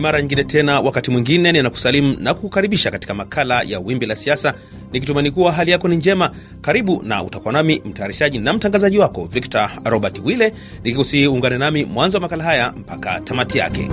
ni mara nyingine tena, wakati mwingine ninakusalimu na kukukaribisha katika makala ya Wimbi la Siasa, nikitumani kuwa hali yako ni njema. Karibu na utakuwa nami mtayarishaji na mtangazaji wako Victor Robert Wille, nikikusiungane nami mwanzo wa makala haya mpaka tamati yake.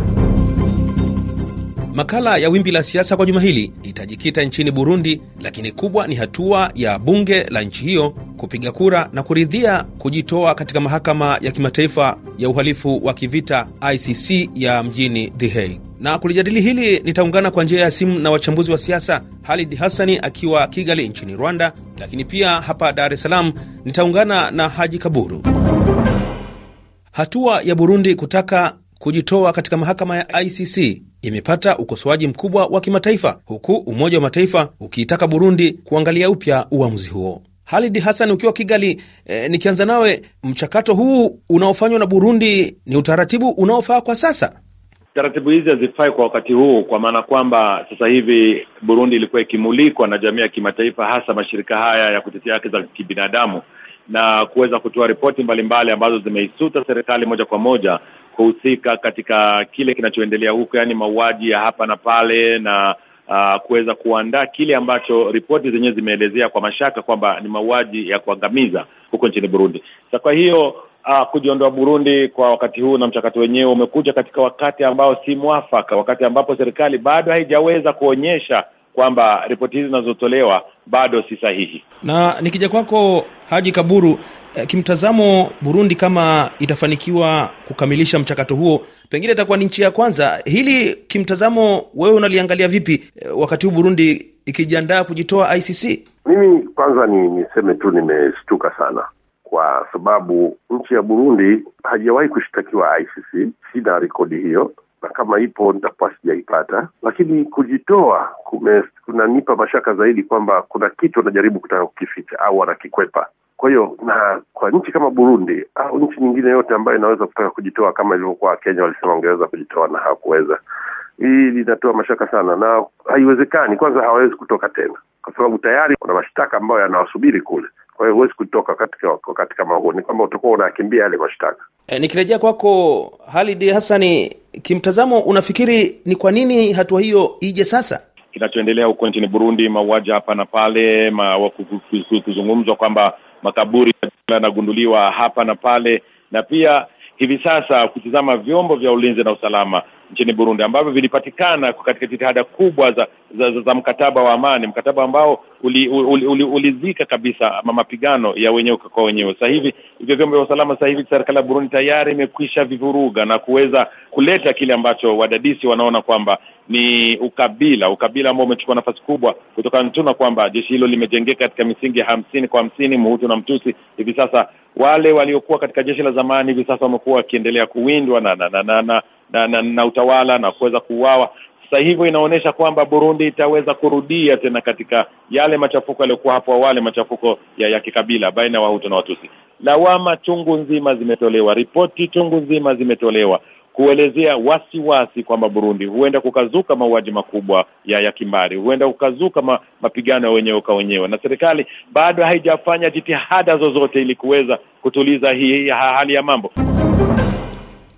Makala ya Wimbi la Siasa kwa juma hili itajikita nchini Burundi, lakini kubwa ni hatua ya bunge la nchi hiyo kupiga kura na kuridhia kujitoa katika mahakama ya kimataifa ya uhalifu wa kivita ICC ya mjini The Hague na kulijadili hili nitaungana kwa njia ya simu na wachambuzi wa siasa Halid Hassani akiwa Kigali nchini Rwanda, lakini pia hapa Dar es Salaam nitaungana na Haji Kaburu. Hatua ya Burundi kutaka kujitoa katika mahakama ya ICC imepata ukosoaji mkubwa wa kimataifa, huku Umoja wa Mataifa ukiitaka Burundi kuangalia upya uamuzi huo. Halid Hassan, ukiwa Kigali, eh, nikianza nawe, mchakato huu unaofanywa na Burundi ni utaratibu unaofaa kwa sasa? taratibu hizi hazifai kwa wakati huu, kwa maana kwamba sasa hivi Burundi ilikuwa ikimulikwa na jamii ya kimataifa, hasa mashirika haya ya kutetea haki za kibinadamu na kuweza kutoa ripoti mbalimbali ambazo zimeisuta serikali moja kwa moja kuhusika katika kile kinachoendelea huko, yaani mauaji ya hapa na pale na uh, kuweza kuandaa kile ambacho ripoti zenyewe zimeelezea kwa mashaka kwamba ni mauaji ya kuangamiza huko nchini Burundi. Sasa kwa hiyo uh, kujiondoa Burundi kwa wakati huu na mchakato wenyewe umekuja katika wakati ambao si mwafaka, wakati ambapo serikali bado haijaweza kuonyesha kwamba ripoti hizi zinazotolewa bado si sahihi. Na nikija kwako Haji Kaburu, eh, kimtazamo, Burundi kama itafanikiwa kukamilisha mchakato huo, pengine itakuwa ni nchi ya kwanza. Hili kimtazamo, wewe unaliangalia vipi, eh, wakati huu Burundi ikijiandaa kujitoa ICC? Mimi kwanza ni niseme tu nimeshtuka sana kwa sababu nchi ya Burundi hajawahi kushtakiwa ICC. Sina rekodi hiyo, na kama ipo nitakuwa sijaipata, lakini kujitoa kunanipa mashaka zaidi kwamba kuna kitu wanajaribu kutaka kukificha au wanakikwepa. Kwa hiyo na kwa nchi kama Burundi au nchi nyingine yote ambayo inaweza kutaka kujitoa kama ilivyokuwa Kenya, walisema wangeweza kujitoa na hawakuweza. Hii linatoa mashaka sana, na haiwezekani. Kwanza hawawezi kutoka tena, kwa sababu tayari kuna mashtaka ambayo yanawasubiri kule kwa hiyo huwezi kutoka katika wakati kama huu, ni kwamba utakuwa unakimbia yale mashtaka. E, nikirejea kwako Halid hasani kimtazamo unafikiri ni kwa nini hatua hiyo ije sasa? Kinachoendelea huko nchini Burundi, mauaji hapa na pale, kuzungumzwa kwamba makaburi yanagunduliwa hapa na pale, na pia hivi sasa kutizama vyombo vya ulinzi na usalama nchini Burundi ambavyo vilipatikana katika jitihada kubwa za, za, za, za mkataba wa amani, mkataba ambao ulizika uli, uli, uli kabisa mapigano ya wenyewe kwa wenyewe. Sasa hivi hivyo vyombo vya usalama, sasa hivi serikali ya Burundi tayari imekwisha vivuruga na kuweza kuleta kile ambacho wadadisi wanaona kwamba ni ukabila, ukabila ambao umechukua nafasi kubwa kutokana tu na kwamba jeshi hilo limejengeka katika misingi ya hamsini kwa hamsini, Mhutu na Mtusi. Hivi sasa wale waliokuwa katika jeshi la zamani hivi sasa wamekuwa wakiendelea kuwindwa na na, na, na, na na, na, na utawala na kuweza kuuawa. Sasa hivyo inaonyesha kwamba Burundi itaweza kurudia tena katika yale machafuko yaliyokuwa hapo awali, machafuko ya, ya kikabila baina ya Wahutu na Watusi. Lawama chungu nzima zimetolewa, ripoti chungu nzima zimetolewa kuelezea wasiwasi kwamba Burundi huenda kukazuka mauaji makubwa ya, ya kimbari, huenda kukazuka ma, mapigano ya wenyewe kwa wenyewe, na serikali bado haijafanya jitihada zozote ili kuweza kutuliza hii hali ya mambo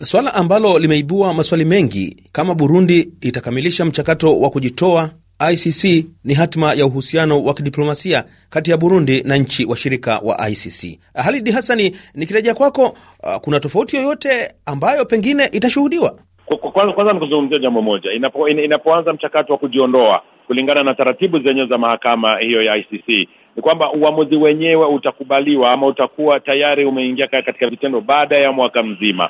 swala ambalo limeibua maswali mengi kama Burundi itakamilisha mchakato wa kujitoa ICC ni hatima ya uhusiano wa kidiplomasia kati ya Burundi na nchi washirika wa ICC. Halidi hasani nikirejea kwako, uh, kuna tofauti yoyote ambayo pengine itashuhudiwa? Kwanza kwanza nikuzungumzia jambo moja, inapo, in, inapoanza mchakato wa kujiondoa kulingana na taratibu zenyewe za mahakama hiyo ya ICC ni kwamba uamuzi wenyewe utakubaliwa ama utakuwa tayari umeingia katika vitendo baada ya mwaka mzima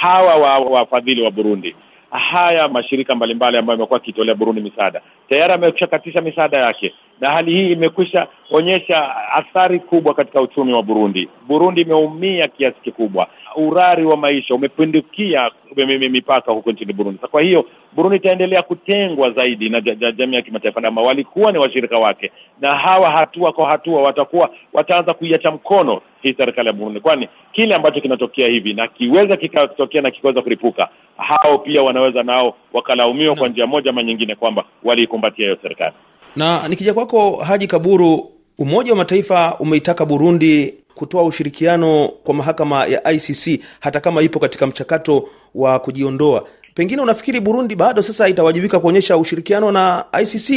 hawa wafadhili wa, wa Burundi haya mashirika mbalimbali ambayo yamekuwa akitolea Burundi misaada tayari katisha misaada yake na hali hii imekwisha onyesha athari kubwa katika uchumi wa Burundi. Burundi imeumia kiasi kikubwa, urari wa maisha umepindukia mipaka huko nchini Burundi. kwa hiyo Burundi itaendelea kutengwa zaidi na jamii ya kimataifa ambao walikuwa ni washirika wake, na hawa hatua kwa hatua watakuwa wataanza kuiacha mkono hii serikali ya Burundi, kwani kile ambacho kinatokea hivi na kiweza kikatokea na kikiweza kulipuka, hao pia wanaweza nao wakalaumiwa kwa njia moja ama nyingine kwamba waliikumbatia hiyo serikali. Na nikija kwako Haji Kaburu, Umoja wa Mataifa umeitaka Burundi kutoa ushirikiano kwa mahakama ya ICC hata kama ipo katika mchakato wa kujiondoa. Pengine unafikiri Burundi bado sasa itawajibika kuonyesha ushirikiano na ICC?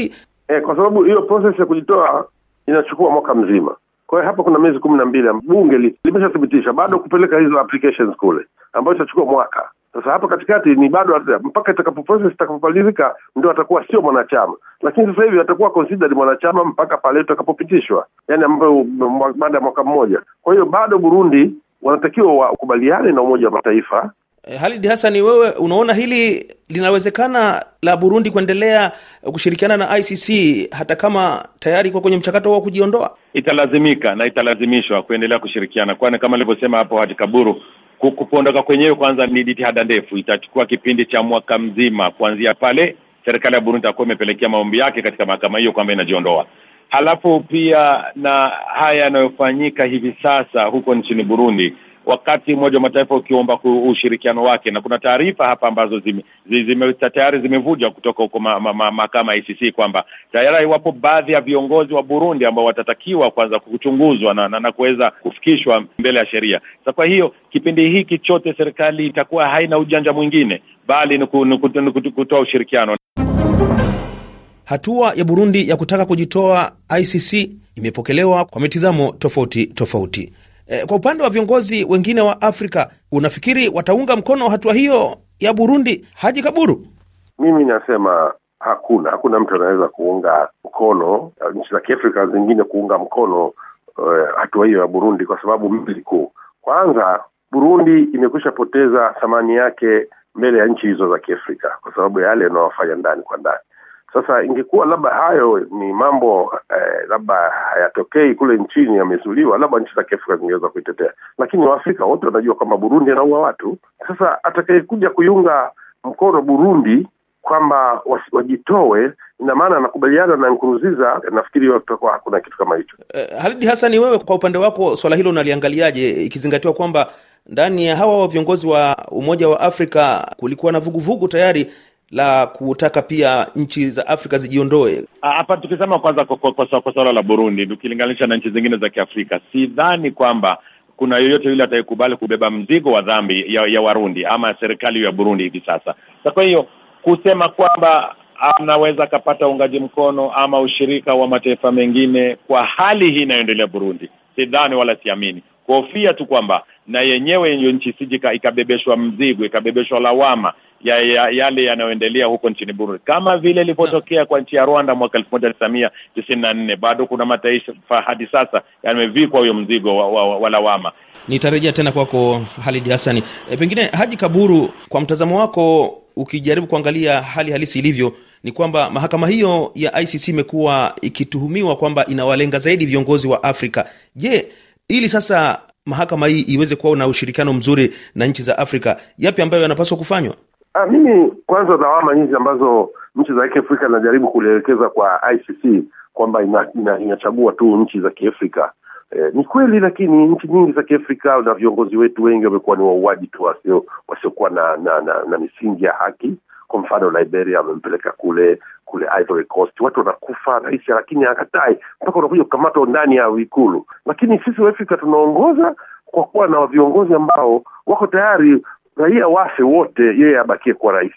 E, eh, kwa sababu hiyo process ya kujitoa inachukua mwaka mzima. Kwa hiyo hapa kuna miezi kumi na mbili bunge limeshathibitisha bado kupeleka hizo applications kule, ambayo itachukua mwaka. Sasa hapa katikati ni bado mpaka itakapo process itakapomalizika, ndio atakuwa sio mwanachama, lakini sasa hivi atakuwa considered mwanachama mpaka pale utakapopitishwa, yani ambayo baada ya mwaka mmoja. Kwa hiyo bado Burundi wanatakiwa wakubaliane na Umoja wa Mataifa. Eh, Halid Hassani, wewe unaona hili linawezekana la Burundi kuendelea kushirikiana na ICC hata kama tayari kwa kwenye mchakato wa kujiondoa? Italazimika na italazimishwa kuendelea kushirikiana, kwani kama alivyosema hapo Hadi Kaburu, kupondoka kwenyewe kwanza ni jitihada ndefu, itachukua kipindi cha mwaka mzima kuanzia pale serikali ya Burundi itakuwa imepelekea maombi yake katika mahakama hiyo kwamba inajiondoa. Halafu pia na haya yanayofanyika hivi sasa huko nchini Burundi wakati mmoja wa Mataifa ukiomba ushirikiano wake, na kuna taarifa hapa ambazo zime, zime, tayari zimevuja kutoka huko mahakama ma, ma, ma, ICC kwamba tayari iwapo baadhi ya viongozi wa Burundi ambao watatakiwa kwanza kuchunguzwa na, na, na kuweza kufikishwa mbele ya sheria. Sasa kwa hiyo kipindi hiki chote serikali itakuwa haina ujanja mwingine bali ni kutoa ushirikiano. Hatua ya Burundi ya kutaka kujitoa ICC imepokelewa kwa mitizamo tofauti tofauti. E, kwa upande wa viongozi wengine wa Afrika unafikiri wataunga mkono hatua hiyo ya Burundi, Haji Kaburu? Mimi nasema hakuna, hakuna mtu anaweza kuunga mkono eh, nchi za kiafrika zingine kuunga mkono uh, hatua hiyo ya Burundi kwa sababu mbili kuu. Kwanza, Burundi imekwisha poteza thamani yake mbele ya nchi hizo za Kiafrika kwa sababu ya yale yanayofanya ndani kwa ndani sasa ingekuwa labda hayo ni mambo eh, labda hayatokei kule nchini, yamezuliwa, labda nchi za Kiafrika zingeweza kuitetea, lakini Waafrika wote wanajua kwamba Burundi anaua watu. Sasa atakayekuja kuiunga mkono Burundi kwamba wajitoe ina maana anakubaliana na Nkurunziza. Nafikiri kutakuwa hakuna kitu kama hicho. Eh, Halidi Hasani, wewe kwa upande wako swala hilo unaliangaliaje, ikizingatiwa kwamba ndani ya hawa wa viongozi wa Umoja wa Afrika kulikuwa na vuguvugu vugu tayari la kutaka pia nchi za Afrika zijiondoe ah, hapa? Tukisema kwanza kwa, kwa, kwa, kwa suala la Burundi, tukilinganisha na nchi zingine za Kiafrika, sidhani kwamba kuna yoyote yule atakayekubali kubeba mzigo wa dhambi ya, ya Warundi ama serikali ya Burundi hivi sasa. Kwa hiyo kusema kwamba anaweza akapata uungaji mkono ama ushirika wa mataifa mengine kwa hali hii inayoendelea Burundi, sidhani wala siamini. Kuhofia tu kwamba na yenyewe hiyo nchi sijika ikabebeshwa mzigo, ikabebeshwa lawama ya, ya yale yanayoendelea huko nchini Burundi kama vile ilivyotokea kwa nchi ya Rwanda mwaka elfu moja tisini na nne. Bado kuna mataifa hadi sasa yamevikwa huyo mzigo wa, wa, wa lawama. Nitarejea tena kwako Halid hasani E, pengine Haji Kaburu, kwa mtazamo wako ukijaribu kuangalia hali halisi ilivyo ni kwamba mahakama hiyo ya ICC imekuwa ikituhumiwa kwamba inawalenga zaidi viongozi wa Afrika. Je, ili sasa mahakama hii iweze kuwa na ushirikiano mzuri na nchi za Afrika, yapi ambayo yanapaswa kufanywa? Ah, mimi kwanza lawama hizi ambazo nchi za Kiafrika inajaribu kulielekeza kwa ICC kwamba inachagua ina, ina tu nchi za Kiafrika e, ni kweli, lakini nchi nyingi za Kiafrika na viongozi wetu wengi wamekuwa ni wauaji tu wasio wasiokuwa na na, na na misingi ya haki. Kwa mfano Liberia amempeleka kule kule Ivory Coast, watu wanakufa, rais lakini akatai mpaka unakuja kukamatwa ndani ya ikulu. Lakini sisi Waafrika tunaongoza kwa kuwa na viongozi ambao wako tayari raia wafe wote, yeye abakie kuwa rais.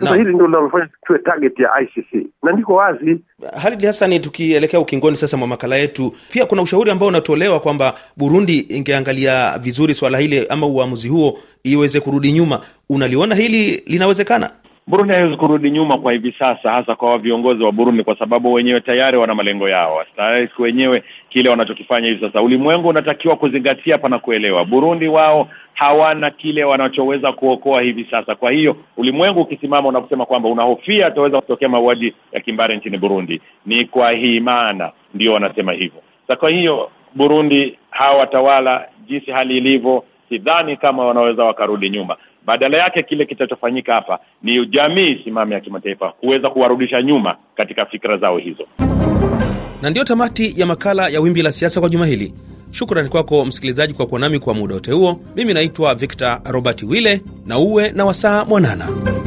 Sasa hili ndio linalofanya tuwe target ya ICC na ndiko wazi. Halid Hasani, tukielekea ukingoni sasa mwa makala yetu, pia kuna ushauri ambao unatolewa kwamba Burundi ingeangalia vizuri swala hili ama uamuzi huo iweze kurudi nyuma. Unaliona hili linawezekana? Burundi haiwezi kurudi nyuma kwa hivi sasa, hasa kwa viongozi wa Burundi, kwa sababu wenyewe tayari wana malengo yao, tayari wenyewe kile wanachokifanya hivi sasa. Ulimwengu unatakiwa kuzingatia pana kuelewa. Burundi wao hawana kile wanachoweza kuokoa hivi sasa. Kwa hiyo ulimwengu ukisimama na kusema kwamba unahofia ataweza kutokea mauaji ya kimbari nchini Burundi, ni kwa hii maana ndio wanasema hivyo. Sa kwa hiyo Burundi hawa watawala, jinsi hali ilivyo, sidhani kama wanaweza wakarudi nyuma. Badala yake kile kitachofanyika hapa ni jamii simame ya kimataifa kuweza kuwarudisha nyuma katika fikra zao hizo. Na ndiyo tamati ya makala ya Wimbi la Siasa kwa juma hili. Shukrani kwako msikilizaji kwa kuwa nami kwa muda wote huo. Mimi naitwa Victor Robert wille na uwe na wasaa mwanana.